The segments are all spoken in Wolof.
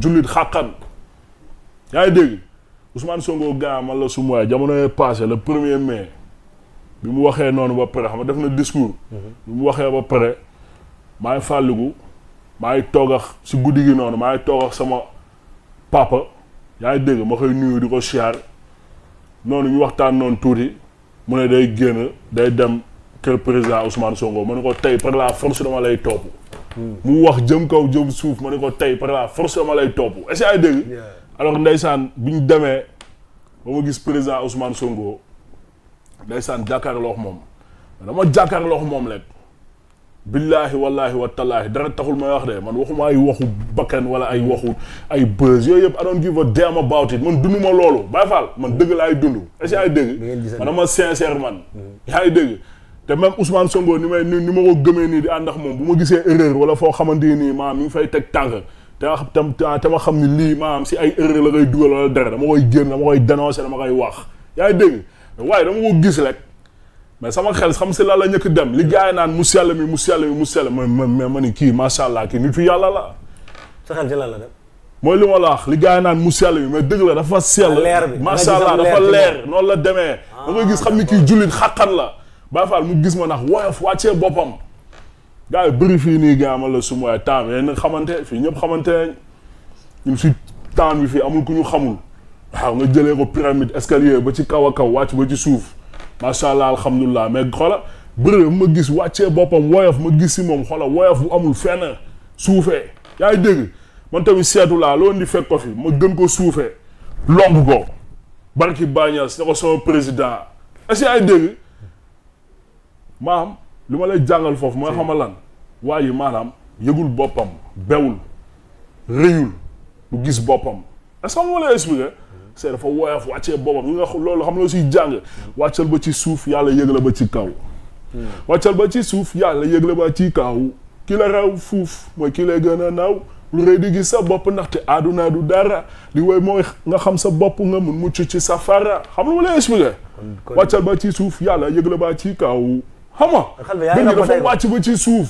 jullit xàqan yaa ngi dégg Ousmane Sonko gaa man la sumuwaay jamono yee passé le premier mai bi mu waxee noonu ba pare xam nga def na discours bi mu waxee ba pare maa ngi fàlligu maa ngi toog si guddi gi noonu maa ngi toog ak sama papa yaa ngi dégg ma koy nuyu di ko siyaar noonu ñu waxtaan noonu tuuti mu ne day génn day dem kër président Ousmane songo ma ne ko tey par la force dama lay topp mu wax jëm kaw jëm suuf ma ne ko tey par la force ma lay topp est-ce que ay dégg alors ndeysaan bi ñu demee ba ma gis président Ousmane Sonko ndeysaan jàkkaarloo ak moom dama jàkkaarloo ak moom rek billaahi wallaahi wa tallaahi dara taxul may wax de man waxuma ay waxu bakkan wala ay waxu ay buzz yooyu yëpp I don't give a damn about it man dunduma loolu Baay Faal man dëgg laay dund est-ce que ay dégg man dama sincère man yaa ngi dégg mm. te même Ousmane Sonko ni may ni ni ma ko gëmee nii di ànd ak moom bu ma gisee erreur wala foo xamante nii maam mi fay teg tànk te tam te ma xam ni lii maam si ay erreur la koy dugal wala dara dama koy génn dama koy dénoncer dama koy wax yaa ngi dégg waaye dama ko gis rek mais sama xel xam si la la ñëkk dem li gars naan mu sell mi mu sell mi mu sell ma ma ma ni kii macha allah kii nitu yàlla la. sa xel ci lan la dem. mooy li ma la wax li gars naan mu sell mi mais dëgg la dafa sell. leer bi macha allah dafa noonu la demee. da gis xam ni kii ah, jullit xàqan la. Baye Fall mu gis ma ndax woyof wàccee boppam gars yi bëri fii nii gars ma la su ma taam yéen xamante fii ñëpp xamante ñun si taam bi fii amul ku ñu xamul waaw nga jëlee ko pyramide escalier ba ci kaw a kaw wàcc ba ci suuf macha allah alhamdulilah mais xoola bëri ma gis wàccee boppam woyof ma gis si moom xoola woyof bu amul fenn suufee yaa ngi dégg man tamit seetu laa loo di fekk ko fi ma gën ko suufee lomb ko barki Bañas ne ko sama président est-ce dégg maanaam lu ma lay jàngal foofu mooy xamal lan waa maanaam yëgul boppam bewul rëyul du gis boppam est-ce que ma lay expliquer c'est dafa woyof wàccee boppam loolu xam loo siy jàng wàccal ba ci suuf yàlla yëg la ba ci kaw hmm. wàccal ba ci suuf yàlla yëg la ba ci kaw ki la fuuf mooy ki lay gën naaw lu rëy di gis sa bopp ndaxte aaduna du dara li woy mooy nga xam sa bopp nga mucc ci safara xam lu ma lay ci suuf yàlla yëg la ba ci kaw xam nga dafa wàcc ba ci suuf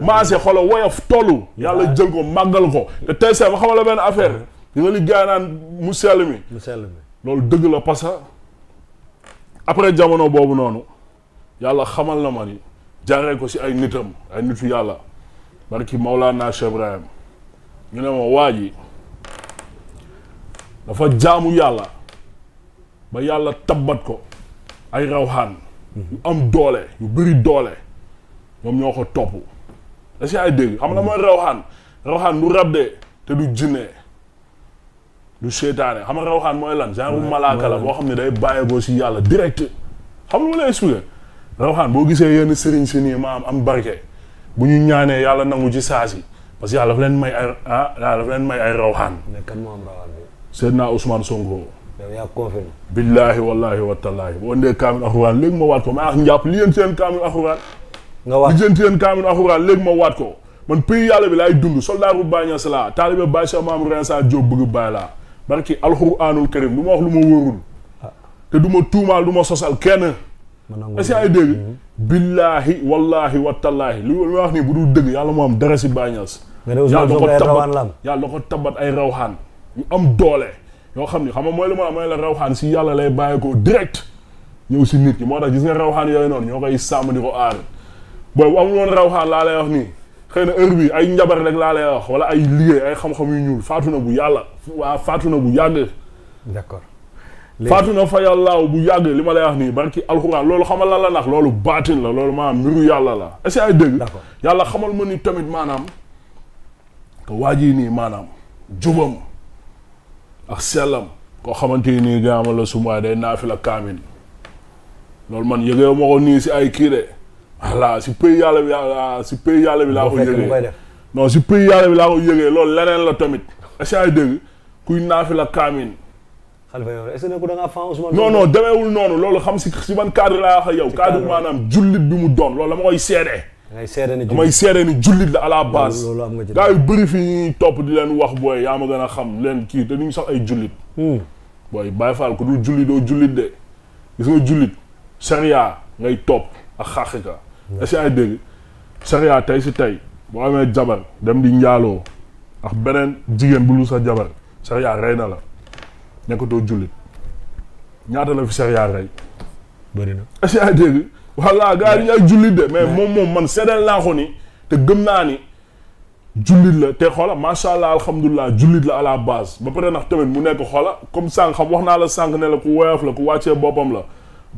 maase xola woyof tollu yàlla jël ko màggal ko te tey seet ma xamal la benn affaire di nga li gaay naan mu sell mi loolu dëgg la parce que après jamono boobu noonu yàlla xamal na ma ni jaaree ko si ay nitam ay nitu yàlla barki Maulana Cheikh Ibrahim ñu ne ma waa ji dafa jaamu yàlla ba yàlla tabat ko ay rawxaan yu am doole yu bëri doole moom ñoo ko topp est-ce que ay dégg xam nga mooy rawxaan rawxaan du rab de te du jinne du seetaane xam nga rawxaan mooy lan genre malaaka la boo xam ne day bàyyeekoo si yàlla direct xam nga ma lay expliqué rawxaan boo gisee yenn sëriñ si nii maam am barke bu ñu ñaanee yàlla nangu ci saasi parce que yàlla dafa leen may ay ah yàlla dafa leen may ay rawxaan. mais kan moo am rawxaan yow yaa confirmé. billaahi wallaahi watallaahi boo indee kaamil alxuraan léegi ma waat ko maa ngi jàpp li yéen seen kaamil alxuraan. nga waat li yéen kaamil alxuraan léegi ma waat ko. man pays yàlla bi laay dund soldat bu Baay laa taalibe Baay Cheikh Maam Rensa Diop bëgg Baay laa barki alxuraanul karim lu ma wax lu ma wóorul. Ah. te du ma tuumaal du ma sosal kenn. mën si ay dégg. Mhm. billaahi wallaahi watallaahi li ma wax nii bu dul dëgg yàlla moo am dara si Baay Ñas. yàlla da ko tabat ay rawxaan yu am doole. ñoo xam ni xam na mooy lu ma mooy la rawxaan si yàlla lay bàyyi ko direct ñëw si nit ñi moo tax gis nga rawxaan yooyu noonu ñoo koy sàmm di ko aar booy bu amul woon laa lay wax nii xëy na bi ay njabar rek laa lay wax wala ay liggéey ay xam-xam yu ñuul faatu na bu yàlla waa faatu na bu yàgg. d'accord faatu na fa yàllaaw bu yàgg li ma lay wax nii barki alxuraan loolu xamal la la ndax loolu baatin la loolu maanaam mbiru yàlla la est-ce que ay dégg yàlla xamal ma ni tamit maanaam que waa jii nii maanaam jubam ak sellam koo xamante nii gaa ma la sumbaay day naafi la kaamin loolu man yëgeew ma ko nii si ay kii de voilà si pays yàlla bi laa si pays bi laa ko yëgee non si pays yàlla bi laa ko yëgee loolu leneen la tamit est-ce que ay kuy naafi la kaamin xalifa yow ko da ngaa fan Ousmane noonu loolu xam si si ban cadre laa wax ak yow cadre maanaam jullit bi mu doon loolu la ma koy seedee damay seere ni jullit damay seere ni la à la am nga ci gars yu bëri fi ñuy topp di leen wax booy yaa ma gën a xam leen kii te ñu sax ay jullit. Hmm. booy Baye Fall ku dul jullit doo jullit de gis nga jullit sariya ngay topp ak xaqiqa. Hmm. est-ce que ay dégg sariya tey si tey boo amee jabar dem di njaaloo ax beneen jigéen bu lu sa jabar sariya rey na la nekkatoo jullit ñaata la fi sariya rey. bëri na. est-ce que yaa dégg voilà gars yi ay jullit de. mais moom moom man seedeel naa ko ni. te gëm naa ni jullit la te xoola macha allah alhamdulilah jullit la à la base ba pare nax tamit mu nekk xoola comme sànq xam wax naa la sànq ne la ku woyof la ku wàccee boppam la.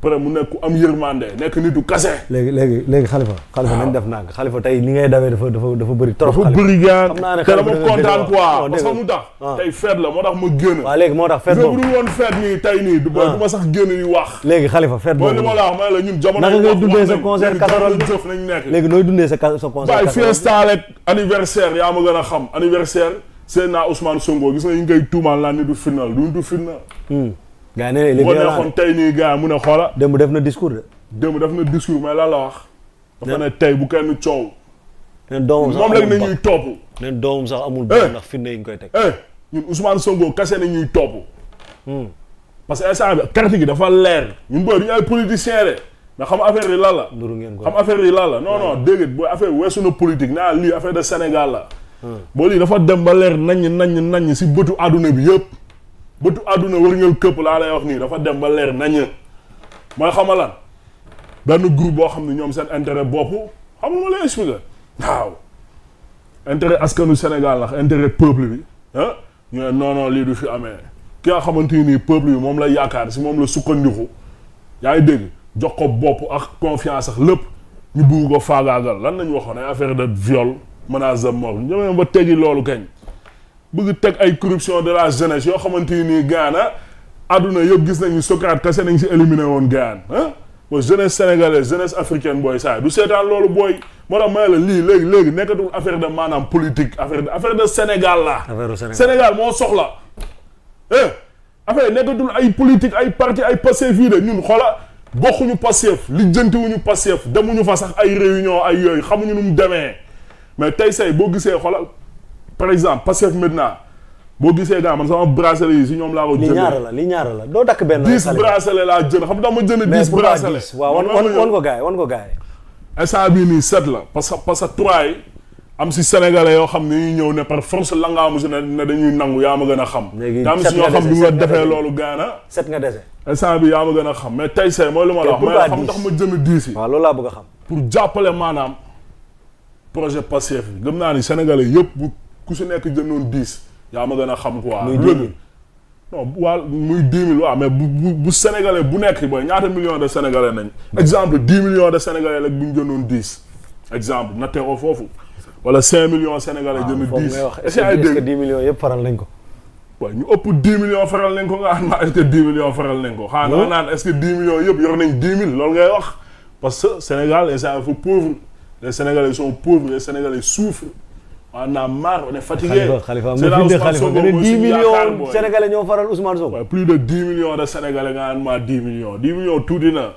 pare mu nekk ku am yërmande nekk du kase. léegi léegi léegi xalifa. xalifa nañ def naa nang xalifa tey ni ngay dawee dafa dafa dafa bëri trop. dafa bëri gaan te dama kontaan quoi parce que ah. ma génn. léegi moo tax fête boobu du woon fête nii tey nii. du ma ah. sax génn di wax. léegi xalifa fête boobu mooy li ma la wax mooy la ñun jamono. naka ngay dundee a xam anniversaire Seydina Ousmane Sonko gis nga ñu ngi koy tuumaal naan ni du final du du final hmm. gaa ne léegi la waxoon tey nii gaa mu ne xoola. démb de. démb def la wax. dafa ne tey bu kenn coow. neen doomam sax moom rek na ñuy topp. neen yi ñu koy teg. Eh, ñun Ousmane Sonko kase na ñuy topp. Hmm. que instant bi gi dafa leer. ñun booy du ñu ay politiciens xam affaire yi lan ngeen ko affaire yi la non non dégg booy affaire weesu na de Sénégal la. Hmm. boo dafa dem ba leer nañ nañ nañ si bëtu àdduna bi yëpp. bëtu àdduna wërngal këpp laa lay wax nii dafa dem ba leer nañ mooy xamalan benn groupe boo xam ne ñoom seen intérêt bopp xam nga ma lay expliquer waaw intérêt askanu Sénégal ndax intérêt peuple bi ah ñu ne non non lii du fi amee ki nga xamante ni peuple bi moom la yaakaar si moom la sukkandiku yaa ngi dégg jox ko bopp ak confiance ak lépp ñu bugg ko faagaagal lan nañ waxoon ay affaire de viol menace de mort ñoom ba teggi loolu kañ. bëgg teg ay corruption de la jeunesse yoo xamante ni gaana àdduna yëpp gis nañu Socrate kese nañ si éliminé woon gaan ah ba jeunesse sénégalaise jeunesse africaine booy saa du seetaan loolu booy moo tax ma la lii léegi léegi nekkatul affaire de maanaam politique affaire de affaire de Sénégal la. Sénégal moo soxla. eh affaire nekkatul ay politique ay parti ay Pastef yi de ñun xoola bokkuñu Pastef lijjantiwuñu Pastef demuñu fa sax ay réunion ay yooyu xamuñu nu mu demee mais tey say boo gisee xoola. par exemple Pastef maintenant boo gisee gaa man sama bracelet yi si ñoom laa ko jëndee. li ñaar la li ñaar la doo dakk benn. dix bracelet laa jënd xam nga ma jënd dix bracelet. waaw wan wan ko gaay wan ko gaay instant bii nii sept la yoo xam ne ñuy ñëw ne par force a nga ne dañuy nangu yaa ma gën a xam. léegi nga dese ñoo xam bi nga defee loolu gaana. Ah. set nga dese. instant bi yaa ma gën a xam mais tey see mooy lu ma la wax. mais xam ndax ma jënd diis yi. waaw loolu xam. pour jàppale maanaam projet Pastef bi gëm naa ni sénégalais yëpp bu ku si nekk jëndoon dix yaa ma gën a xam quoi. muy dix non waa muy dix mille waaw mais bu bu bu sénégalais bu nekk booy ñaata millions de sénégalais nañ. exemple dix millions de sénégalais rek bu ñu jëndoon dix. exemple nattee ko foofu. wala cinq million sénégalais ah, jënd dix. est-ce que dix millions yëpp faral nañ ko. waaw ñu ëpp dix millions faral nañ ko nga xam est-ce que dix faral nañ ko. xanaa nga naan est-ce que dix millions yëpp yor nañ dix mille loolu ngay wax. parce que Sénégal les gens sont pauvres les Sénégalais sont pauvres on a marre on est fatigué. Khalifa Khalifa nga bindee Khalifa nga ne 10 millions sénégalais ñoo faral Ousmane Sonko. plus de 10 millions de sénégalais nga naan ma 10 millions 10 millions tuuti na.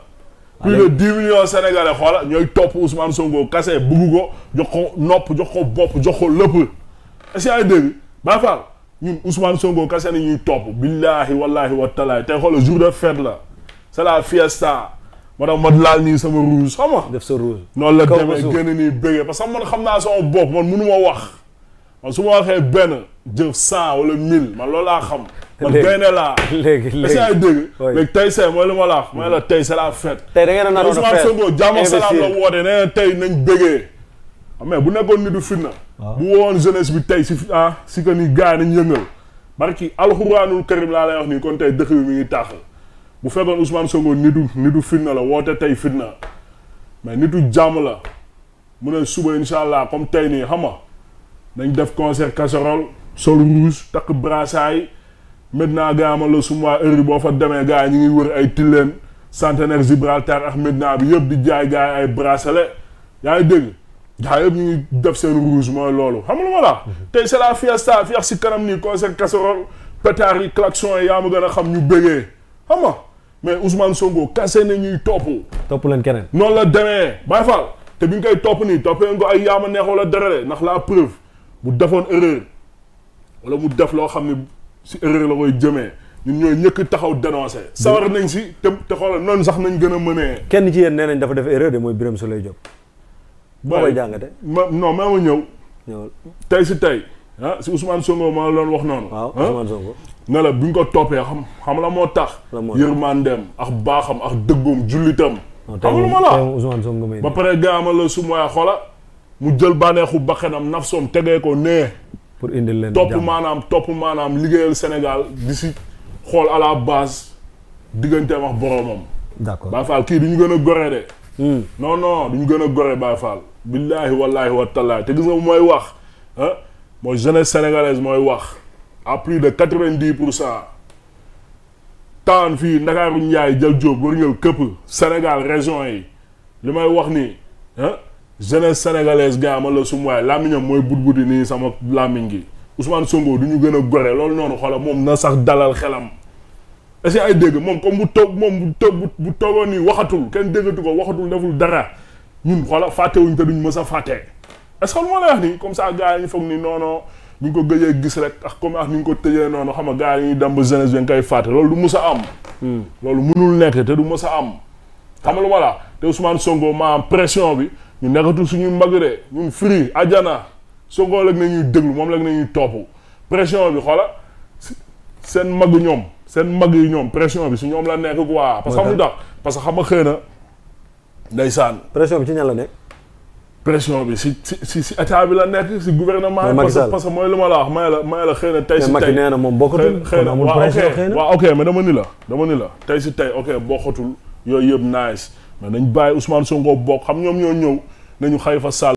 Ah plus de 10 millions sénégalais xoola ñooy topp Ousmane Sonko kase bëgg ko jox nopp jox ko bopp jox ko lëpp. est-ce que ay dégg ba ñun Ousmane Sonko kase na ñuy topp billahi wallahi wa talaay tey xoola jour de fête la c'est la fiesta. ma dem ma laal nii sama rouge xam nga. def sa rouge noonu la demee gën nii bëggee parce que man xam naa sama bopp man mënu ma wax man su ma waxee benn jëf saa wala mille man loolu laa xam. man gaynde laa. léegi léegi est-ce que dégg. mais tey see mooy li ma la wax mooy la tey sa la fête. tey da ngeen a naroon a fête Ousmane Sonko jàmm la woote nee na tey nañ bëggee. Ah, mais bu nekkoon nitu fitna. bu wowoon jeunesse bi tey si ah si que ni gars yi nañ yëngal. barki alxuraanul karim bu fekkoon Ousmane Sonko nitu nitu fitna la woote tey fitna mais nitu jàmm la mu ne suba incha allah comme tey nii xam nga nañ def concert casserole sol rouge takk brassaay maintenant gaa ma la suma heure boo fa demee gaa yi ñu ngi wër ay tilleen centenaire Gibraltar ak maintenant bi yëpp di jaay gaa yi ay bracelet yaa ngi dégg gaa yëpp ñu ngi def seen rouge mooy loolu xam nga lu ma la mhm. tey c'est la fiesta fiesta si kanam nii concert casserole pétard yi klaxon yi ma gën a xam ñu bégee xam mais Ousmane Sonko kase na ñuy topp. topp leen keneen. noonu la demee Baye Fall te bi ñu koy topp nii toppee nga ko ay yaama neex wala dara de ndax la preuve mu defoon erreur wala mu def loo xam ne si erreur la koy jëmee ñu ñooy ñëkk taxaw dénoncé. sawar nañ si te te xoolal noonu sax nañ gën a mënee. kenn ci yéen nee nañ dafa def erreur de mooy Birame Souleye Diop. moo koy jàngate ma non maa ma ñëw. tey si tey ah si Ousmane Sonko ma la wax noonu. waaw ah? Ousmane Sonko. ne la bu ñu ko toppee xam xam la moo tax. yërmandeem ak baaxam ak dëggoom jullitam. xam ma la ba pare gaamal la su xola mu jël bànneexu bakkanam nafsoom tegee ko nee. pour indil leen topp maanaam topp maanaam liggéeyal Sénégal di si xool à baas base digganteem ak boromam. d'accord Baye Fall kii di ñu gën a gore de. Hmm. non non du gën a gore Baye Fall. billaahi wallaahi wa taalaa te gis nga mooy wax moo mooy jeunesse mooy wax. à plus de quatre-vingt-dix pour cent taan fii Ndakaaru Njaay jël Jóob war ñëw këpp Sénégal région yi li may wax ni ah jeunesse sénégalaise gars ma la sum waaye làmmiñam mooy bud budi nii sama làmmiñ gi Ousmane Sonko du ñu gën a gore loolu noonu xoola moom na sax dalal xelam est ay dégg moom comme bu toog moom bu toog bu toogoon nii waxatul kenn déggatu ko waxatul deful dara ñun xoola fàttewuñ te duñ mës a fàtte est lu ma lay wax nii comme ça gars yi bu ñu ko gëjee gis rek ak comme ak ni ñu ko tëjee noonu xam nga gars yi ñuy dem ba jeunesse bi nga koy fàtte loolu du mus am. Hmm. loolu mënul nekk te du mus a am. xam nga voilà te songo ma maanaam pression bi ñu nekkatu suñuy mag de ñun firi ajana Sonko rek nañuy déglu moom rek nañuy topp pression bi xoola seen mag ñoom seen mag yi ñoom pression bi su ñoom la nekk quoi. parce que xam nga parce que xam nga xëy na ndeysaan. pression bi ci ñan la nekk. pression bi si si si état bi la nekk si gouvernement bi. parce que parce que mooy lu ma la wax may la la xëy na tey si tey. mais Macky nee na moom bokkatul. xëy na waaw ok mais dama ni la dama ni la tey si tey ok bokkatul yooyu yëpp nice mais nañ bàyyi Ousmane Sonko bokk xam ñoom ñoo ñëw nañu Khalifa Sall